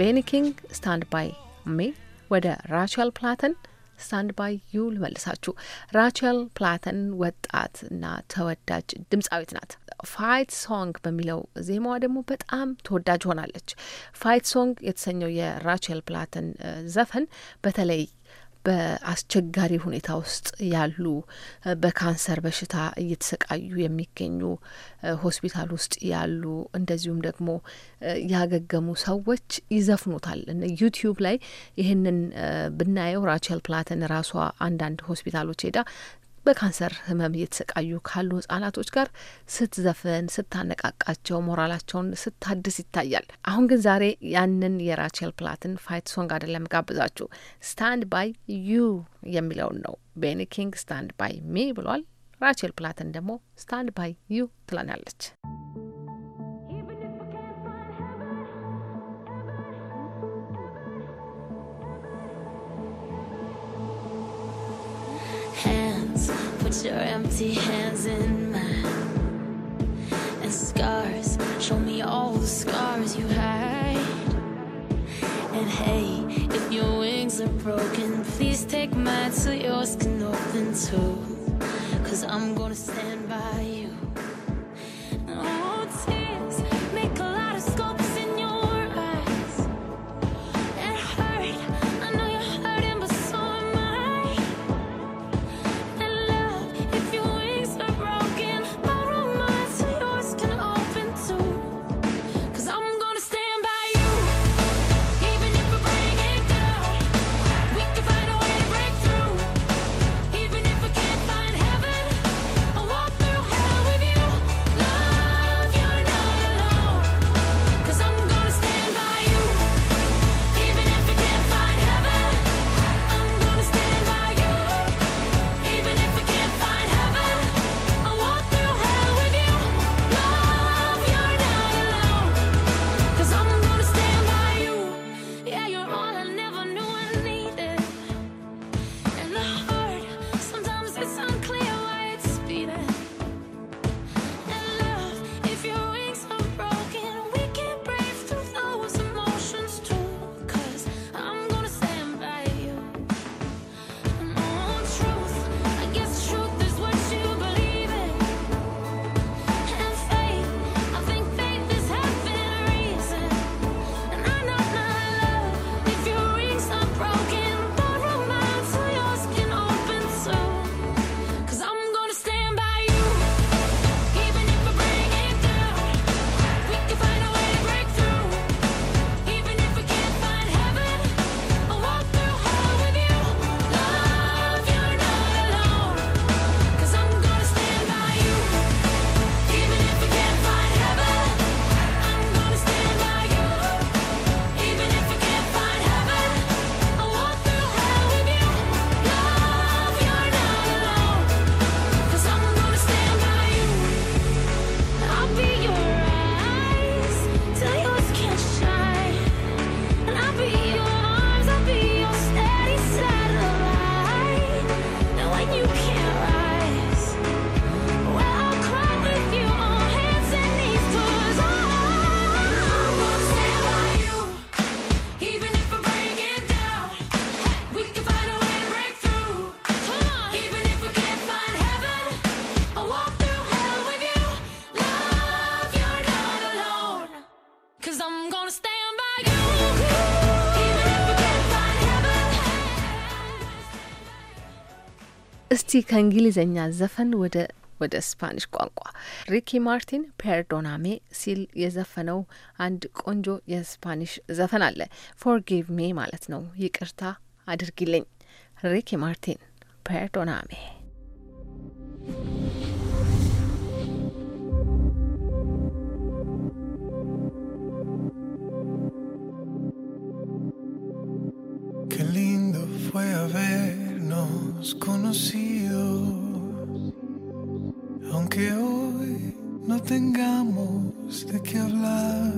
ቤኒኪንግ ስታንድ ባይ ሜ ወደ ራቸል ፕላተን ስታንድ ባይ ዩ ልመልሳችሁ። ራቸል ፕላተን ወጣት እና ተወዳጅ ድምፃዊት ናት። ፋይት ሶንግ በሚለው ዜማዋ ደግሞ በጣም ተወዳጅ ሆናለች። ፋይት ሶንግ የተሰኘው የራቸል ፕላተን ዘፈን በተለይ በአስቸጋሪ ሁኔታ ውስጥ ያሉ በካንሰር በሽታ እየተሰቃዩ የሚገኙ ሆስፒታል ውስጥ ያሉ እንደዚሁም ደግሞ ያገገሙ ሰዎች ይዘፍኑታል። ዩቲዩብ ላይ ይህንን ብናየው ራቸል ፕላተን ራሷ አንዳንድ ሆስፒታሎች ሄዳ በካንሰር ህመም እየተሰቃዩ ካሉ ህጻናቶች ጋር ስትዘፍን፣ ስታነቃቃቸው፣ ሞራላቸውን ስታድስ ይታያል። አሁን ግን ዛሬ ያንን የራቸል ፕላትን ፋይት ሶንግ አይደለም ጋብዛችሁ ስታንድ ባይ ዩ የሚለውን ነው። ቤኒ ኪንግ ስታንድ ባይ ሚ ብሏል። ራቸል ፕላትን ደግሞ ስታንድ ባይ ዩ ትለናለች። Put your empty hands in mine And scars, show me all the scars you hide And hey, if your wings are broken Please take mine so yours can open too Cause I'm gonna stand by you እስቲ ከእንግሊዘኛ ዘፈን ወደ ወደ ስፓኒሽ ቋንቋ ሪኪ ማርቲን ፐርዶናሜ ሲል የዘፈነው አንድ ቆንጆ የስፓኒሽ ዘፈን አለ። ፎርጊቭ ሜ ማለት ነው ይቅርታ አድርጊልኝ። ሪኪ ማርቲን ፐርዶናሜ Qué lindo fue a ver Nos conocidos, aunque hoy no tengamos de qué hablar,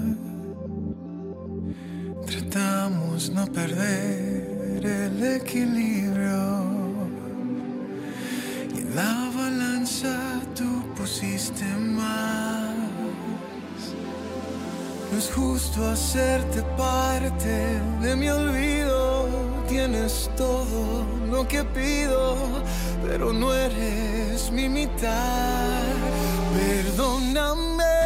tratamos no perder el equilibrio y la balanza tú pusiste más. No es justo hacerte parte de mi olvido tienes todo lo que pido, pero no eres mi mitad. Perdóname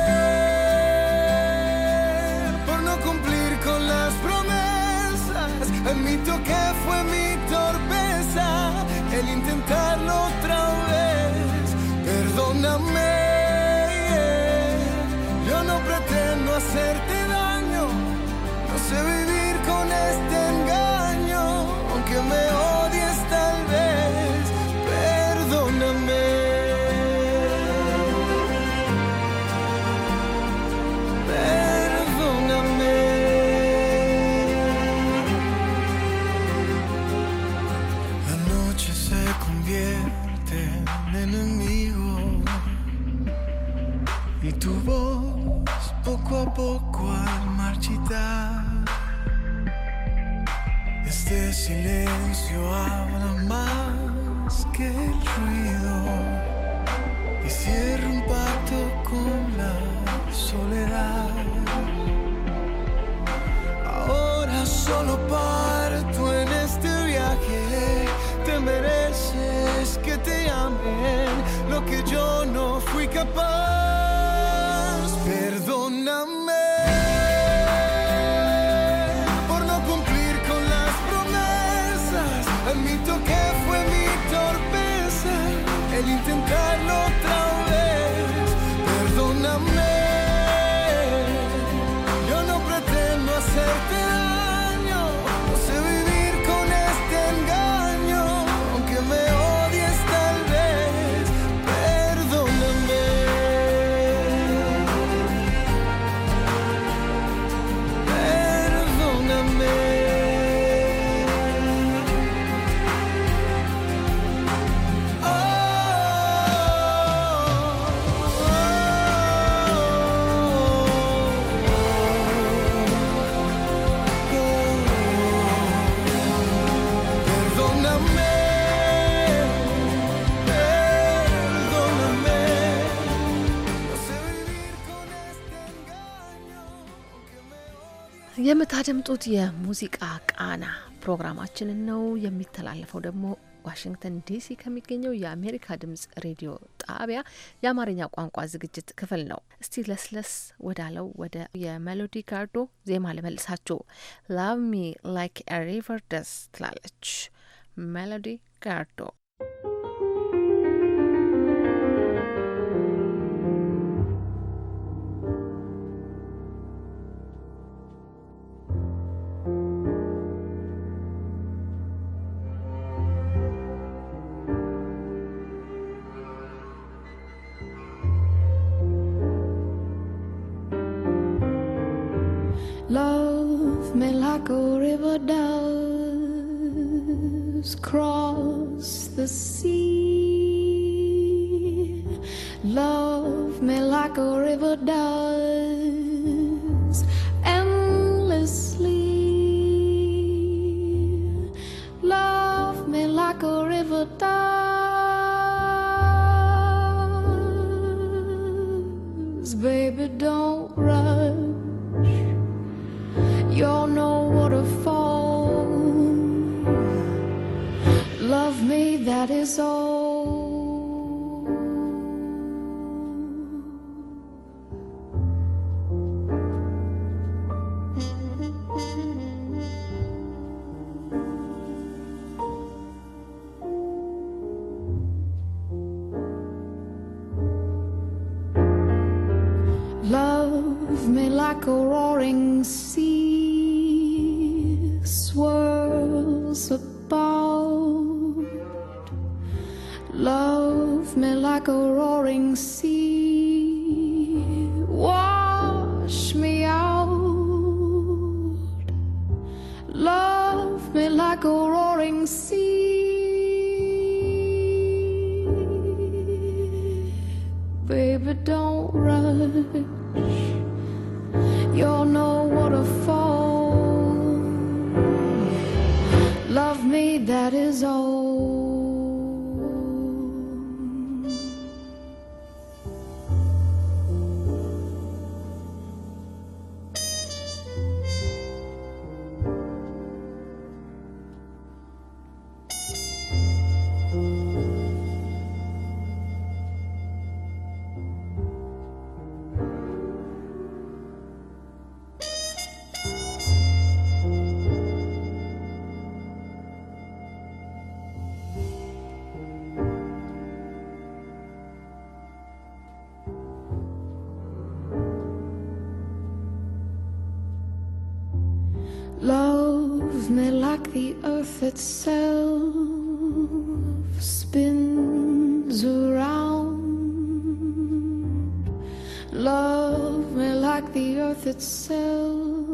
por no cumplir con las promesas. Admito que fue mi torpeza el intentarlo silencio habla más que el ruido y cierra un pacto con la soledad. Ahora solo parto en este viaje. Te mereces que te amen lo que yo no fui capaz. intentar. የምታደምጡት የሙዚቃ ቃና ፕሮግራማችንን ነው። የሚተላለፈው ደግሞ ዋሽንግተን ዲሲ ከሚገኘው የአሜሪካ ድምጽ ሬዲዮ ጣቢያ የአማርኛ ቋንቋ ዝግጅት ክፍል ነው። እስቲ ለስለስ ወዳለው ወደ የሜሎዲ ጋርዶ ዜማ ልመልሳችሁ። ላቭ ሚ ላይክ ኤ ሪቨር ደስ ትላለች ሜሎዲ ጋርዶ doves cross the sea. Love me like a river does. the earth itself spins around. Love me like the earth itself,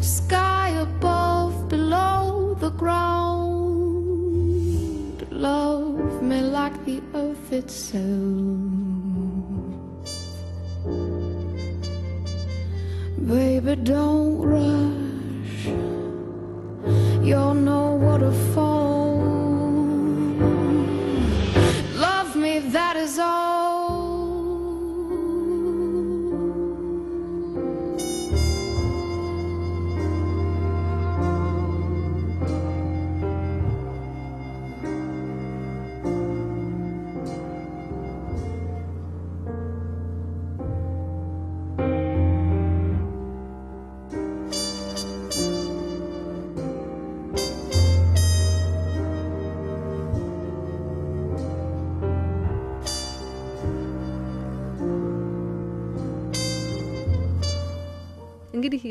sky above, below the ground. Love me like the earth itself. Baby, don't.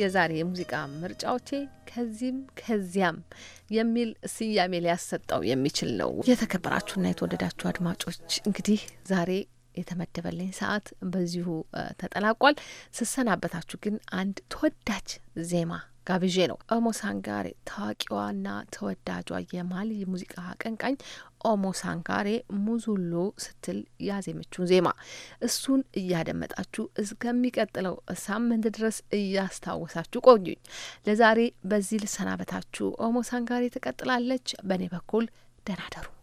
የዛሬ የሙዚቃ ምርጫዎቼ ከዚህም ከዚያም የሚል ስያሜ ሊያሰጠው የሚችል ነው። የተከበራችሁና የተወደዳችሁ አድማጮች እንግዲህ ዛሬ የተመደበልኝ ሰዓት በዚሁ ተጠናቋል። ስሰናበታችሁ ግን አንድ ተወዳጅ ዜማ ጋብዤ ነው። ኦሞ ሳንጋሬ ታዋቂዋና ተወዳጇ የማሊ ሙዚቃ አቀንቃኝ ኦሞ ሳንጋሬ ሙዙሎ ስትል ያዜመችውን ዜማ እሱን እያደመጣችሁ እስከሚቀጥለው ሳምንት ድረስ እያስታወሳችሁ ቆዩኝ። ለዛሬ በዚህ ልሰናበታችሁ። ኦሞ ሳንጋሬ ትቀጥላለች። በእኔ በኩል ደናደሩ ደሩ።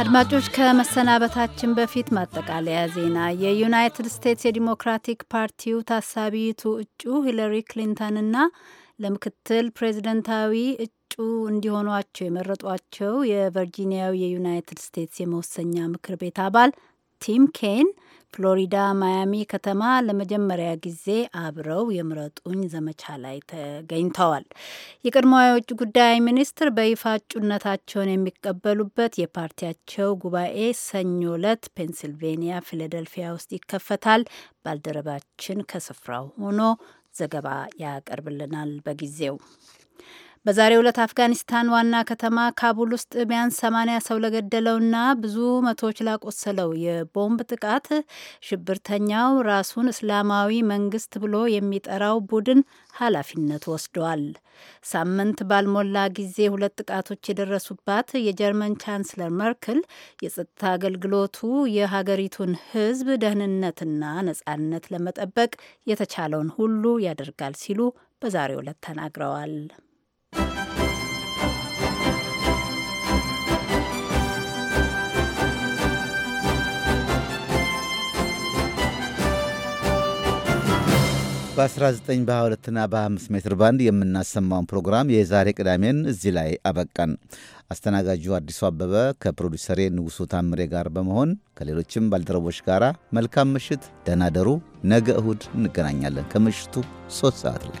አድማጮች ከመሰናበታችን በፊት ማጠቃለያ ዜና። የዩናይትድ ስቴትስ የዲሞክራቲክ ፓርቲው ታሳቢቱ እጩ ሂለሪ ክሊንተንና ለምክትል ፕሬዚደንታዊ እጩ እንዲሆኗቸው የመረጧቸው የቨርጂኒያው የዩናይትድ ስቴትስ የመወሰኛ ምክር ቤት አባል ቲም ኬን ፍሎሪዳ ማያሚ ከተማ ለመጀመሪያ ጊዜ አብረው የምረጡኝ ዘመቻ ላይ ተገኝተዋል። የቀድሞ የውጭ ጉዳይ ሚኒስትር በይፋ እጩነታቸውን የሚቀበሉበት የፓርቲያቸው ጉባኤ ሰኞ ዕለት ፔንሲልቬኒያ ፊላደልፊያ ውስጥ ይከፈታል። ባልደረባችን ከስፍራው ሆኖ ዘገባ ያቀርብልናል በጊዜው በዛሬው ዕለት አፍጋኒስታን ዋና ከተማ ካቡል ውስጥ ቢያንስ 80 ሰው ለገደለውና ብዙ መቶዎች ላቆሰለው የቦምብ ጥቃት ሽብርተኛው ራሱን እስላማዊ መንግስት ብሎ የሚጠራው ቡድን ኃላፊነት ወስደዋል። ሳምንት ባልሞላ ጊዜ ሁለት ጥቃቶች የደረሱባት የጀርመን ቻንስለር መርክል የጸጥታ አገልግሎቱ የሀገሪቱን ሕዝብ ደህንነትና ነጻነት ለመጠበቅ የተቻለውን ሁሉ ያደርጋል ሲሉ በዛሬው ዕለት ተናግረዋል። በ19 በ22ና በ25 ሜትር ባንድ የምናሰማውን ፕሮግራም የዛሬ ቅዳሜን እዚህ ላይ አበቃን። አስተናጋጁ አዲሱ አበበ ከፕሮዲሰሬ ንጉሱ ታምሬ ጋር በመሆን ከሌሎችም ባልደረቦች ጋር መልካም ምሽት፣ ደህና ደሩ። ነገ እሁድ እንገናኛለን ከምሽቱ ሶስት ሰዓት ላይ